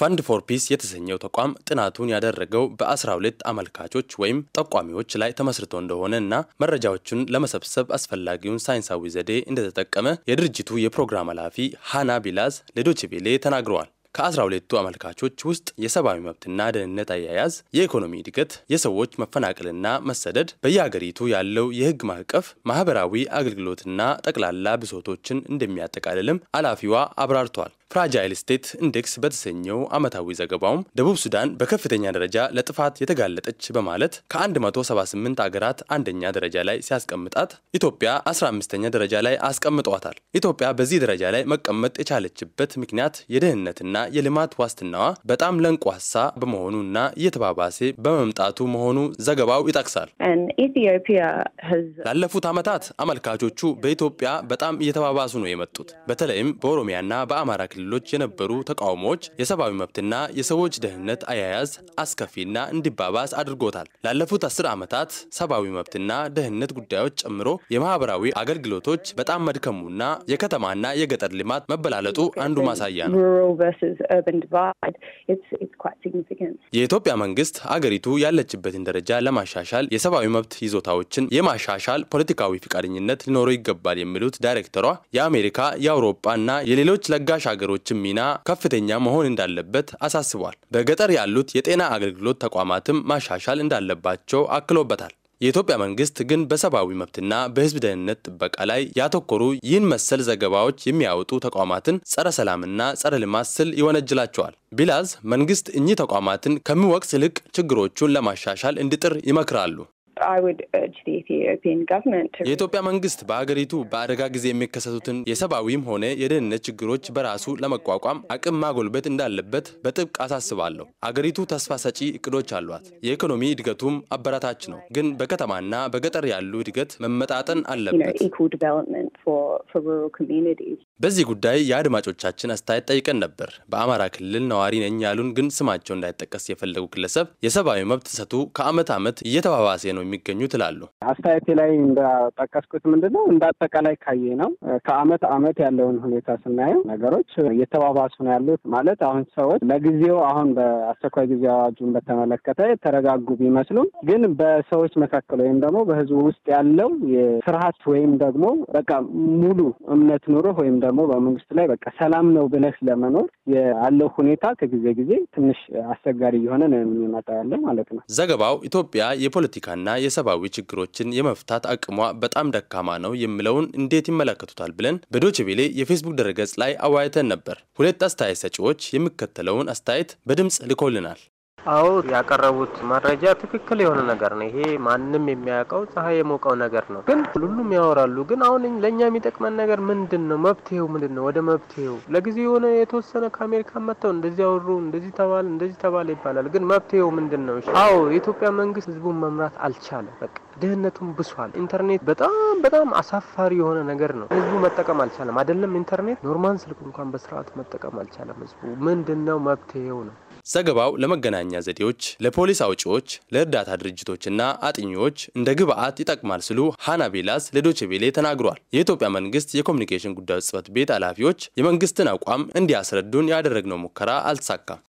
ፈንድ ፎር ፒስ የተሰኘው ተቋም ጥናቱን ያደረገው በ12 አመልካቾች ወይም ጠቋሚዎች ላይ ተመስርቶ እንደሆነ እና መረጃዎቹን ለመሰብሰብ አስፈላጊውን ሳይንሳዊ ዘዴ እንደተጠቀመ የድርጅቱ የፕሮግራም ኃላፊ ሃና ቢላዝ ለዶችቬሌ ተናግረዋል። ከ12ቱ አመልካቾች ውስጥ የሰብአዊ መብትና ደህንነት አያያዝ፣ የኢኮኖሚ እድገት፣ የሰዎች መፈናቀልና መሰደድ፣ በየአገሪቱ ያለው የህግ ማዕቀፍ፣ ማህበራዊ አገልግሎትና ጠቅላላ ብሶቶችን እንደሚያጠቃልልም ኃላፊዋ አብራርቷል ፍራጃይል ስቴት ኢንዴክስ በተሰኘው ዓመታዊ ዘገባውም ደቡብ ሱዳን በከፍተኛ ደረጃ ለጥፋት የተጋለጠች በማለት ከ178 አገራት አንደኛ ደረጃ ላይ ሲያስቀምጣት ኢትዮጵያ 15ኛ ደረጃ ላይ አስቀምጧታል። ኢትዮጵያ በዚህ ደረጃ ላይ መቀመጥ የቻለችበት ምክንያት የደህንነትና የልማት ዋስትናዋ በጣም ለንቋሳ በመሆኑና እየተባባሴ በመምጣቱ መሆኑ ዘገባው ይጠቅሳል። ላለፉት ዓመታት አመልካቾቹ በኢትዮጵያ በጣም እየተባባሱ ነው የመጡት። በተለይም በኦሮሚያና በአማራ ክልሎች የነበሩ ተቃውሞዎች የሰብአዊ መብትና የሰዎች ደህንነት አያያዝ አስከፊና እንዲባባስ አድርጎታል። ላለፉት አስር ዓመታት ሰብአዊ መብትና ደህንነት ጉዳዮች ጨምሮ የማህበራዊ አገልግሎቶች በጣም መድከሙና የከተማና የገጠር ልማት መበላለጡ አንዱ ማሳያ ነው። የኢትዮጵያ መንግስት አገሪቱ ያለችበትን ደረጃ ለማሻሻል የሰብአዊ መብት ይዞታዎችን የማሻሻል ፖለቲካዊ ፍቃደኝነት ሊኖረው ይገባል የሚሉት ዳይሬክተሯ የአሜሪካ የአውሮፓና የሌሎች ለጋሽ ሀገሮች ሀገሮችም ሚና ከፍተኛ መሆን እንዳለበት አሳስቧል። በገጠር ያሉት የጤና አገልግሎት ተቋማትም ማሻሻል እንዳለባቸው አክሎበታል። የኢትዮጵያ መንግስት ግን በሰብአዊ መብትና በሕዝብ ደህንነት ጥበቃ ላይ ያተኮሩ ይህን መሰል ዘገባዎች የሚያወጡ ተቋማትን ጸረ ሰላምና ጸረ ልማት ስል ይወነጅላቸዋል። ቢላዝ መንግስት እኚህ ተቋማትን ከሚወቅስ ይልቅ ችግሮቹን ለማሻሻል እንዲጥር ይመክራሉ። የኢትዮጵያ መንግስት በአገሪቱ በአደጋ ጊዜ የሚከሰቱትን የሰብአዊም ሆነ የደህንነት ችግሮች በራሱ ለመቋቋም አቅም ማጎልበት እንዳለበት በጥብቅ አሳስባለሁ። አገሪቱ ተስፋ ሰጪ እቅዶች አሏት። የኢኮኖሚ እድገቱም አበረታች ነው። ግን በከተማና በገጠር ያሉ እድገት መመጣጠን አለበት። በዚህ ጉዳይ የአድማጮቻችን አስተያየት ጠይቀን ነበር። በአማራ ክልል ነዋሪ ነኝ ያሉን ግን ስማቸው እንዳይጠቀስ የፈለጉ ግለሰብ የሰብአዊ መብት ጥሰቱ ከዓመት ዓመት እየተባባሰ ነው የሚገኙት ይላሉ። አስተያየቴ ላይ እንደጠቀስኩት ምንድነው እንደ አጠቃላይ ካየ ነው ከአመት አመት ያለውን ሁኔታ ስናየው ነገሮች እየተባባሱ ነው ያሉት። ማለት አሁን ሰዎች ለጊዜው አሁን በአስቸኳይ ጊዜ አዋጁን በተመለከተ የተረጋጉ ቢመስሉም ግን በሰዎች መካከል ወይም ደግሞ በህዝቡ ውስጥ ያለው የፍርሃት ወይም ደግሞ በቃ ሙሉ እምነት ኑሮ ወይም ደግሞ በመንግስት ላይ በቃ ሰላም ነው ብለህ ለመኖር ያለው ሁኔታ ከጊዜ ጊዜ ትንሽ አስቸጋሪ እየሆነ ነው የሚመጣ ያለ ማለት ነው። ዘገባው ኢትዮጵያ የፖለቲካና የሰብአዊ ችግሮችን የመፍታት አቅሟ በጣም ደካማ ነው የሚለውን እንዴት ይመለከቱታል ብለን በዶችቤሌ የፌስቡክ ድረገጽ ላይ አዋይተን ነበር። ሁለት አስተያየት ሰጪዎች የሚከተለውን አስተያየት በድምፅ ልኮልናል። አዎ ያቀረቡት መረጃ ትክክል የሆነ ነገር ነው። ይሄ ማንም የሚያውቀው ፀሐይ የሞቀው ነገር ነው። ግን ሁሉም ያወራሉ። ግን አሁን ለእኛ የሚጠቅመን ነገር ምንድን ነው? መፍትሄው ምንድን ነው? ወደ መፍትሄው ለጊዜ የሆነ የተወሰነ ከአሜሪካ መጥተው እንደዚህ አወሩ፣ እንደዚህ ተባለ፣ እንደዚህ ተባለ ይባላል። ግን መፍትሄው ምንድን ነው? አዎ የኢትዮጵያ መንግስት ህዝቡን መምራት አልቻለም። በቃ ድህነቱን ብሷል። ኢንተርኔት በጣም በጣም አሳፋሪ የሆነ ነገር ነው። ህዝቡ መጠቀም አልቻለም። አይደለም ኢንተርኔት ኖርማል ስልክ እንኳን በስርዓት መጠቀም አልቻለም ህዝቡ። ምንድን ነው መብትሄው ነው። ዘገባው ለመገናኛ ዘዴዎች፣ ለፖሊስ አውጪዎች፣ ለእርዳታ ድርጅቶችና አጥኚዎች እንደ ግብአት ይጠቅማል ሲሉ ሃና ቤላስ ለዶችቤሌ ተናግሯል። የኢትዮጵያ መንግስት የኮሚኒኬሽን ጉዳዮች ጽህፈት ቤት ኃላፊዎች የመንግስትን አቋም እንዲያስረዱን ያደረግነው ሙከራ አልተሳካም።